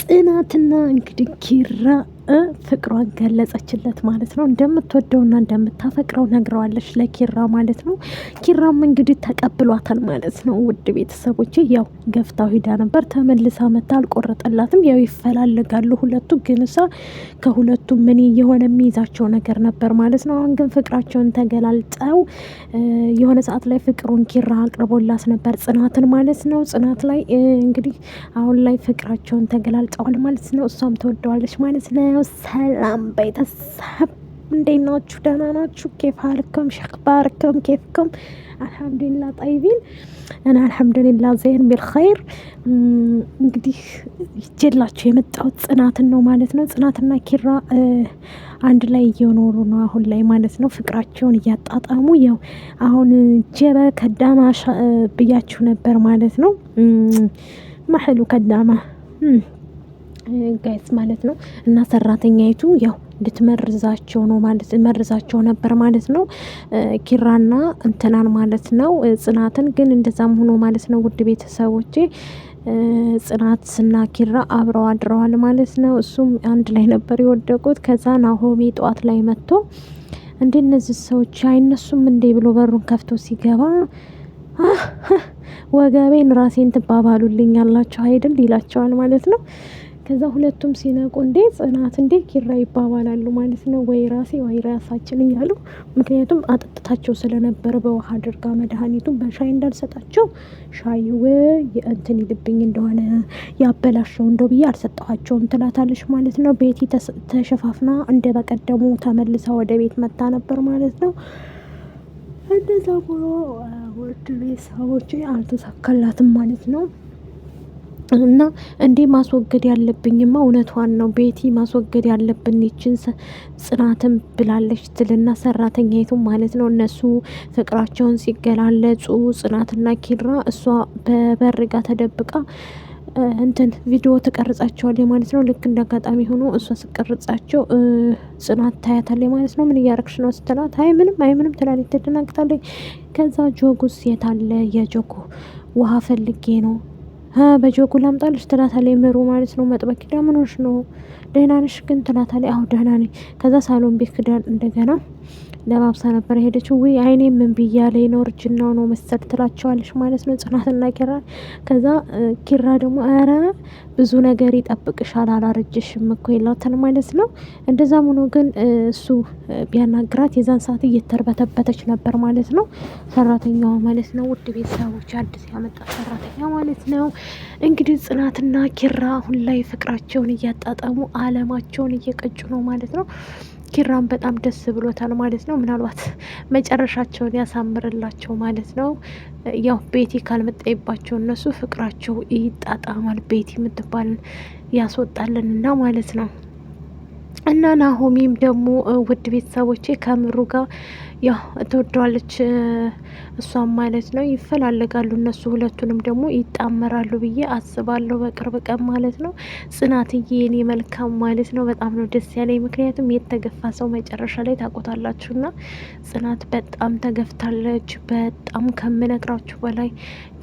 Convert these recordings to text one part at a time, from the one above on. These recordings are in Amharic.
ጽናትና እንግዲህ ኪራ ፍቅሯን ገለጸችለት ማለት ነው። እንደምትወደውና እንደምታፈቅረው ነግረዋለች ለኪራ ማለት ነው። ኪራም እንግዲህ ተቀብሏታል ማለት ነው። ውድ ቤተሰቦች ያው ገፍታው ሂዳ ነበር ተመልሳ መታ አልቆረጠላትም። ያው ይፈላልጋሉ ሁለቱ ግን እሷ ከሁለቱ ምን የሆነ የሚይዛቸው ነገር ነበር ማለት ነው። አሁን ግን ፍቅራቸውን ተገላልጠው የሆነ ሰዓት ላይ ፍቅሩን ኪራ አቅርቦላት ነበር ጽናትን ማለት ነው። ጽናት ላይ እንግዲህ አሁን ላይ ፍቅራቸውን ተገላልጠዋል ማለት ነው። እሷም ተወደዋለች ማለት ነው። ሰላም ቤተሰብ እንዴት ናችሁ? ደህና ናችሁ? ኬፍ አልኩም ሸክባርኩም ኬፍኩም? አልሐምዱሊላ ጠይቢን እና አልሐምዱሊላ ዘይን ቢልኸይር። እንግዲህ ይጀላችሁ የመጣሁት ጽናትን ነው ማለት ነው። ጽናትና ኪራ አንድ ላይ እየኖሩ ነው አሁን ላይ ማለት ነው። ፍቅራቸውን እያጣጣሙ ያው አሁን ጀበ ከዳማ ብያችሁ ነበር ማለት ነው። ማሕሉ ከዳማ ጋይስ ማለት ነው እና ሰራተኛይቱ ያው እንድትመርዛቸው ነው ማለት መርዛቸው ነበር ማለት ነው። ኪራና እንትናን ማለት ነው ጽናትን ግን እንደዛም ሆኖ ማለት ነው ውድ ቤተሰቦቼ ጽናት ስና ኪራ አብረው አድረዋል ማለት ነው። እሱም አንድ ላይ ነበር የወደቁት። ከዛ ናሆሜ ጠዋት ላይ መጥቶ እንደ እነዚህ ሰዎች አይነሱም እንዴ ብሎ በሩን ከፍቶ ሲገባ ወገቤን ራሴን ትባባሉልኝ ያላቸው አይደል ይላቸዋል ማለት ነው። ከዛ ሁለቱም ሲነቁ እንዴ ጽናት እንዴ ኪራ ይባባላሉ ማለት ነው። ወይ ራሴ ወይ ራሳችን እያሉ ምክንያቱም አጠጥታቸው ስለነበረ በውሃ አድርጋ መድኃኒቱን በሻይ እንዳልሰጣቸው ሻይ የእንትን ይልብኝ እንደሆነ ያበላሸው እንደው ብዬ አልሰጠኋቸውም ትላታለች ማለት ነው። ቤቲ ተሸፋፍና እንደ በቀደሙ ተመልሳ ወደ ቤት መታ ነበር ማለት ነው። እንደዛ ብሎ ውድ ቤተሰቦች አልተሳካላትም ማለት ነው። እና እንዴ ማስወገድ ያለብኝማ እውነቷን ነው ቤቲ ማስወገድ ያለብን ይችን ጽናትን ብላለች ትልና ሰራተኛይቱ ማለት ነው እነሱ ፍቅራቸውን ሲገላለጹ ጽናትና ኪራ እሷ በበርጋ ተደብቃ እንትን ቪዲዮ ተቀርጻቸዋል ማለት ነው። ልክ እንደ አጋጣሚ ሆኖ እሷ ስቀርጻቸው ጽናት ታያታለ ማለት ነው። ምን እያረግሽ ነው ስትላት፣ አይ ምንም አይ ምንም ትላለች፣ ትደናግጣለች። ከዛ ጆጉስ የታለ የጆጉ ውሃ ፈልጌ ነው በጆጉ ላምጣልሽ ትላታለች ምሩ ማለት ነው። መጥበቅ ዳምኖች ነው ደህና ነሽ ግን ትላታለች። አሁ ደህና ነኝ። ከዛ ሳሎን ቤት ክዳን እንደገና ለማብሳ ነበር ሄደችው። ውይ አይኔ ምን ብያለ ነው እርጅናው ነው መሰል ትላቸዋለች ማለት ነው ጽናትና ኪራ። ከዛ ኪራ ደግሞ አረ ብዙ ነገር ይጠብቅሻል አላረጀሽም እኮ ይላታል ማለት ነው። እንደዛም ሆኖ ግን እሱ ቢያናግራት የዛን ሰዓት እየተርበተበተች ነበር ማለት ነው ሰራተኛዋ ማለት ነው። ውድ ቤተሰቦች አዲስ ያመጣ ሰራተኛ ማለት ነው። እንግዲህ ጽናትና ኪራ አሁን ላይ ፍቅራቸውን እያጣጣሙ አለማቸውን እየቀጩ ነው ማለት ነው። ኪራም በጣም ደስ ብሎታል ማለት ነው። ምናልባት መጨረሻቸውን ያሳምርላቸው ማለት ነው። ያው ቤቲ ካልመጣይባቸው እነሱ ፍቅራቸው ይጣጣማል። ቤቲ የምትባል ያስወጣልንና ማለት ነው። እና ናሆሚም ደግሞ ውድ ቤተሰቦቼ ከምሩ ጋር ያው ትወደዋለች እሷም ማለት ነው። ይፈላለጋሉ እነሱ ሁለቱንም ደግሞ ይጣመራሉ ብዬ አስባለሁ በቅርብ ቀን ማለት ነው። ጽናትዬ የኔ መልካም ማለት ነው በጣም ነው ደስ ያለኝ። ምክንያቱም የተገፋ ሰው መጨረሻ ላይ ታቆታላችሁ። ና ጽናት በጣም ተገፍታለች። በጣም ከምነግራችሁ በላይ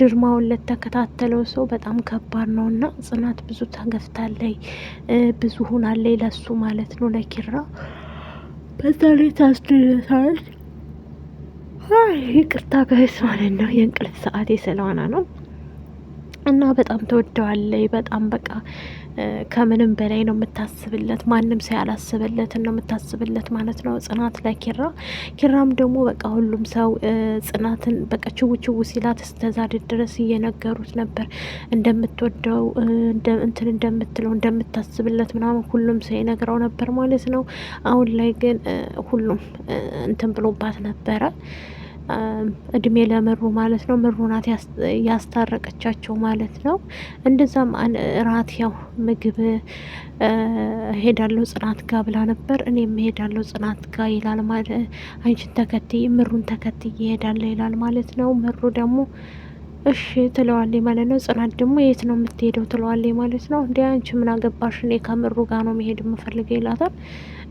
ድርማውን ለተከታተለው ሰው በጣም ከባድ ነው። እና ጽናት ብዙ ተገፍታለይ፣ ብዙ ሁናለይ ለሱ ማለት ነው። ማለት ነው ለኪራ በዛ ላይ ታስድለታል። ይቅርታ ጋይስ ማለት ነው የእንቅልፍ ሰዓት የሰለዋና ነው እና በጣም ተወደዋለይ በጣም በቃ ከምንም በላይ ነው የምታስብለት። ማንም ሰው ያላስብለት ነው የምታስብለት ማለት ነው ጽናት ለኪራ። ኪራም ደግሞ በቃ ሁሉም ሰው ጽናትን በቃ ችው ችው ሲላት እስተዛድ ድረስ እየነገሩት ነበር እንደምትወደው እንትን እንደምትለው እንደምታስብለት ምናምን ሁሉም ሰው ይነግረው ነበር ማለት ነው። አሁን ላይ ግን ሁሉም እንትን ብሎባት ነበረ። እድሜ ለምሩ ማለት ነው። ምሩ ናት ያስታረቀቻቸው ማለት ነው። እንደዛም ራት ያው ምግብ ሄዳለው ጽናት ጋ ብላ ነበር። እኔም ሄዳለው ጽናት ጋ ይላል ማለት አንቺን ተከትዬ ምሩን ተከትዬ ሄዳለሁ ይላል ማለት ነው። ምሩ ደግሞ እሺ ትለዋለች ማለት ነው። ጽናት ደግሞ የት ነው የምትሄደው ትለዋለች ማለት ነው። እንዲ አንቺ ምን አገባሽ? እኔ ከምሩ ጋ ነው መሄድ የምፈልገው ይላታል።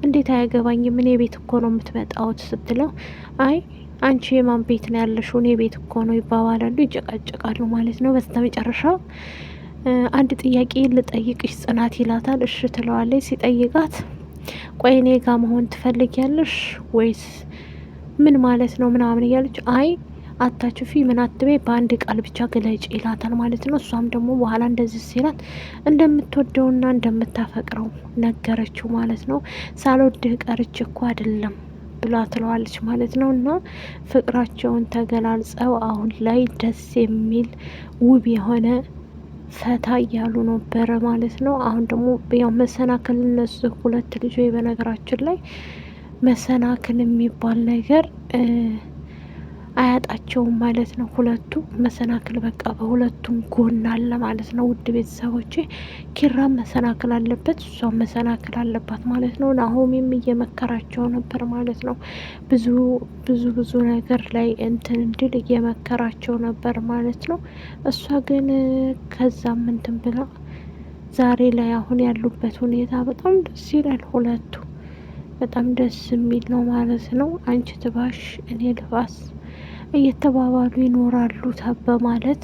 እንዴት አያገባኝም? እኔ ቤት እኮ ነው የምትመጣወት ስትለው አይ አንቺ የማን ቤት ነው ያለሽ? እኔ ቤት እኮ ነው ይባባላሉ፣ ይጨቃጨቃሉ ማለት ነው። በስተ መጨረሻው አንድ ጥያቄ ልጠይቅሽ ጽናት ይላታል። እሺ ትለዋለች። ሲጠይቃት ቆይ እኔ ጋ መሆን ትፈልጊያለሽ ወይስ ምን ማለት ነው ምናምን እያለች አይ አታችፊ ምን አትቤ በአንድ ቃል ብቻ ግለጭ ይላታል ማለት ነው። እሷም ደግሞ በኋላ እንደዚህ ሲላት እንደምትወደውና እንደምታፈቅረው ነገረችው ማለት ነው። ሳልወድህ ቀርች እኮ አይደለም ብላ ትለዋለች ማለት ነው። እና ፍቅራቸውን ተገላልጸው አሁን ላይ ደስ የሚል ውብ የሆነ ፈታ እያሉ ነበረ ማለት ነው። አሁን ደግሞ ያው መሰናክል እነሱ ሁለት ልጆች በነገራችን ላይ መሰናክል የሚባል ነገር አያጣቸውም ማለት ነው። ሁለቱ መሰናክል በቃ በሁለቱም ጎን አለ ማለት ነው። ውድ ቤተሰቦቼ ኪራም መሰናክል አለበት፣ እሷም መሰናክል አለባት ማለት ነው። ናሆሚም እየመከራቸው ነበር ማለት ነው። ብዙ ብዙ ብዙ ነገር ላይ እንትን እንድል እየመከራቸው ነበር ማለት ነው። እሷ ግን ከዛም እንትን ብላ ዛሬ ላይ አሁን ያሉበት ሁኔታ በጣም ደስ ይላል። ሁለቱ በጣም ደስ የሚል ነው ማለት ነው። አንቺ ትባሽ እኔ ልባስ እየተባባሉ ይኖራሉ በማለት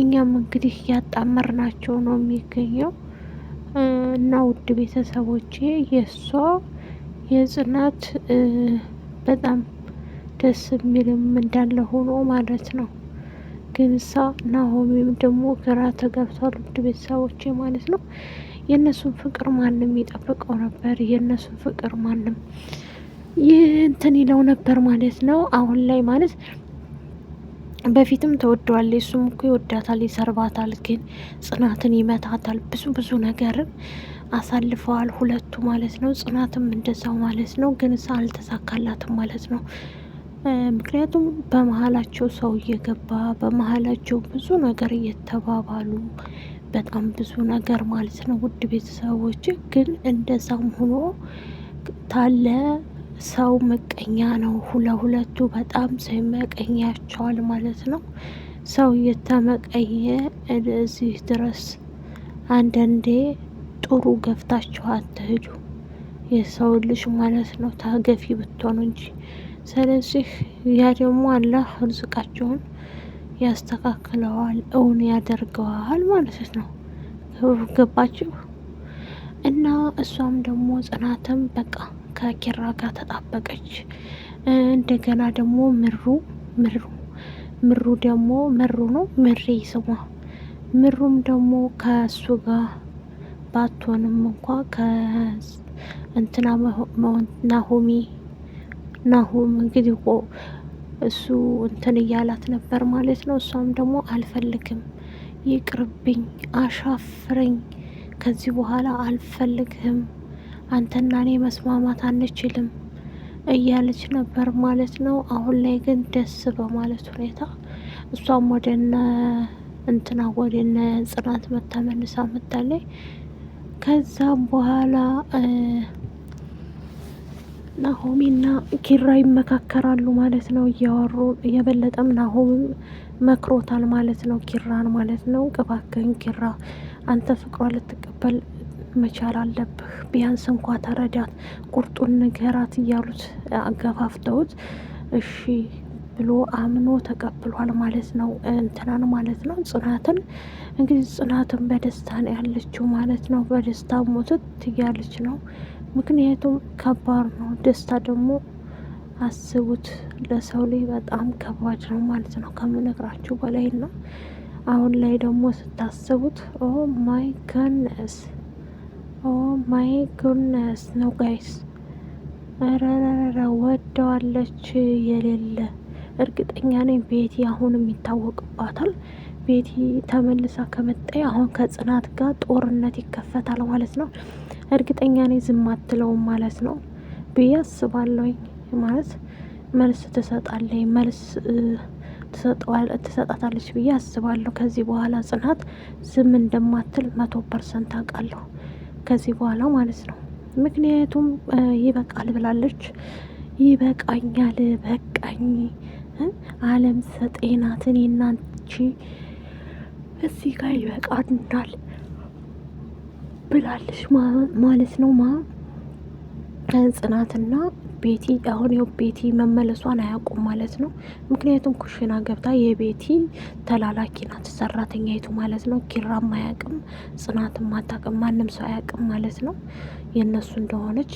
እኛም እንግዲህ ናቸው ነው የሚገኘው። እና ውድ ቤተሰቦቼ የእሷ የጽናት በጣም ደስ የሚልም እንዳለ ሆኖ ማለት ነው። ግን እሳ ናሆሚም ደግሞ ግራ ተገብቷል። ውድ ቤተሰቦቼ ማለት ነው። የእነሱን ፍቅር ማንም ይጠብቀው ነበር። የእነሱን ፍቅር ማንም ይህ እንትን ይለው ነበር ማለት ነው። አሁን ላይ ማለት በፊትም ተወደዋል። እሱም እኮ ይወዳታል፣ ይሰርባታል። ግን ጽናትን ይመታታል። ብዙ ብዙ ነገርም አሳልፈዋል ሁለቱ ማለት ነው። ጽናትም እንደዛው ማለት ነው። ግን እሳ አልተሳካላትም ማለት ነው። ምክንያቱም በመሀላቸው ሰው እየገባ በመሀላቸው ብዙ ነገር እየተባባሉ በጣም ብዙ ነገር ማለት ነው። ውድ ቤተሰቦች ግን እንደዛም ሆኖ ታለ ሰው ምቀኛ ነው። ለሁለቱ በጣም ሰው ይመቀኛቸዋል ማለት ነው። ሰው እየተመቀኘ እዚህ ድረስ አንዳንዴ ጥሩ ገፍታችሁ አትሄዱ የሰው ልጅ ማለት ነው ታገፊ ብትሆኑ እንጂ። ስለዚህ ያ ደግሞ አላህ ርዝቃችሁን ያስተካክለዋል፣ እውን ያደርገዋል ማለት ነው። ገባችሁ? እና እሷም ደግሞ ጽናትም በቃ ከኪራ ጋር ተጣበቀች። እንደገና ደግሞ ምሩ ምሩ ምሩ ደግሞ ምሩ ነው ምሬ ስሟ ምሩም ደግሞ ከእሱ ጋር ባትሆንም እንኳ ከእንትና ናሆሚ ናሆም እንግዲህ ቆ እሱ እንትን እያላት ነበር ማለት ነው። እሷም ደግሞ አልፈልግም፣ ይቅርብኝ፣ አሻፍረኝ፣ ከዚህ በኋላ አልፈልግህም አንተና እኔ መስማማት አንችልም እያለች ነበር ማለት ነው። አሁን ላይ ግን ደስ በማለት ሁኔታ እሷም ወደነ እንትና ወደነ ጽናት መታመልሳ መጣለች። ከዛም በኋላ ናሆሚና ኪራ ይመካከራሉ ማለት ነው። እያወሩ የበለጠም ናሆምም መክሮታል ማለት ነው። ኪራን ማለት ነው። ቅባክህን ኪራ አንተ ፍቅሯ ልትቀበል መቻል አለብህ፣ ቢያንስ እንኳ ተረዳት፣ ቁርጡን ንገራት እያሉት አገፋፍተውት እሺ ብሎ አምኖ ተቀብሏል ማለት ነው። እንትናን ማለት ነው ጽናትን እንግዲህ ጽናትን በደስታ ነው ያለችው ማለት ነው። በደስታ ሞትት እያለች ነው። ምክንያቱም ከባድ ነው። ደስታ ደግሞ አስቡት ለሰው ላይ በጣም ከባድ ነው ማለት ነው። ከምነግራችሁ በላይ ነው። አሁን ላይ ደግሞ ስታስቡት ኦ ማይ ገነስ ኦ ማይ ጉድነስ ነው ጋይስ። ረረረ ወደዋለች የሌለ እርግጠኛ ነኝ ቤቲ አሁንም ይታወቅባታል። ቤቲ ተመልሳ ከመጣ አሁን ከጽናት ጋር ጦርነት ይከፈታል ማለት ነው። እርግጠኛ ነኝ ዝም አትለውም ማለት ነው ብዬ አስባለሁኝ። ማለት መልስ ትሰጣለች፣ መልስ ትሰጣታለች ብዬ አስባለሁ። ከዚህ በኋላ ጽናት ዝም እንደማትል መቶ ፐርሰንት አውቃለሁ። ከዚህ በኋላ ማለት ነው። ምክንያቱም ይበቃል ብላለች። ይበቃኛል፣ በቃኝ፣ አለም ሰጤናትን የናንቺ እዚህ ጋር ይበቃናል ብላለች ማለት ነው። ማ ጽናትና ቤቲ አሁን ያው ቤቲ መመለሷን አያውቁም ማለት ነው። ምክንያቱም ኩሽና ገብታ የቤቲ ተላላኪ ናት ሰራተኛይቱ ማለት ነው። ኪራም አያውቅም፣ ጽናትም አታውቅም፣ ማንም ሰው አያውቅም ማለት ነው የእነሱ እንደሆነች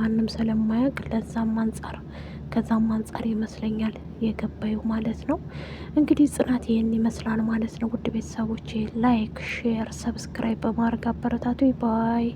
ማንም ስለማያውቅ ለዛም አንጻር ከዛም አንጻር ይመስለኛል የገባዩ ማለት ነው። እንግዲህ ጽናት ይህን ይመስላል ማለት ነው። ውድ ቤተሰቦች ላይክ፣ ሼር፣ ሰብስክራይብ በማድረግ አበረታቱ ባይ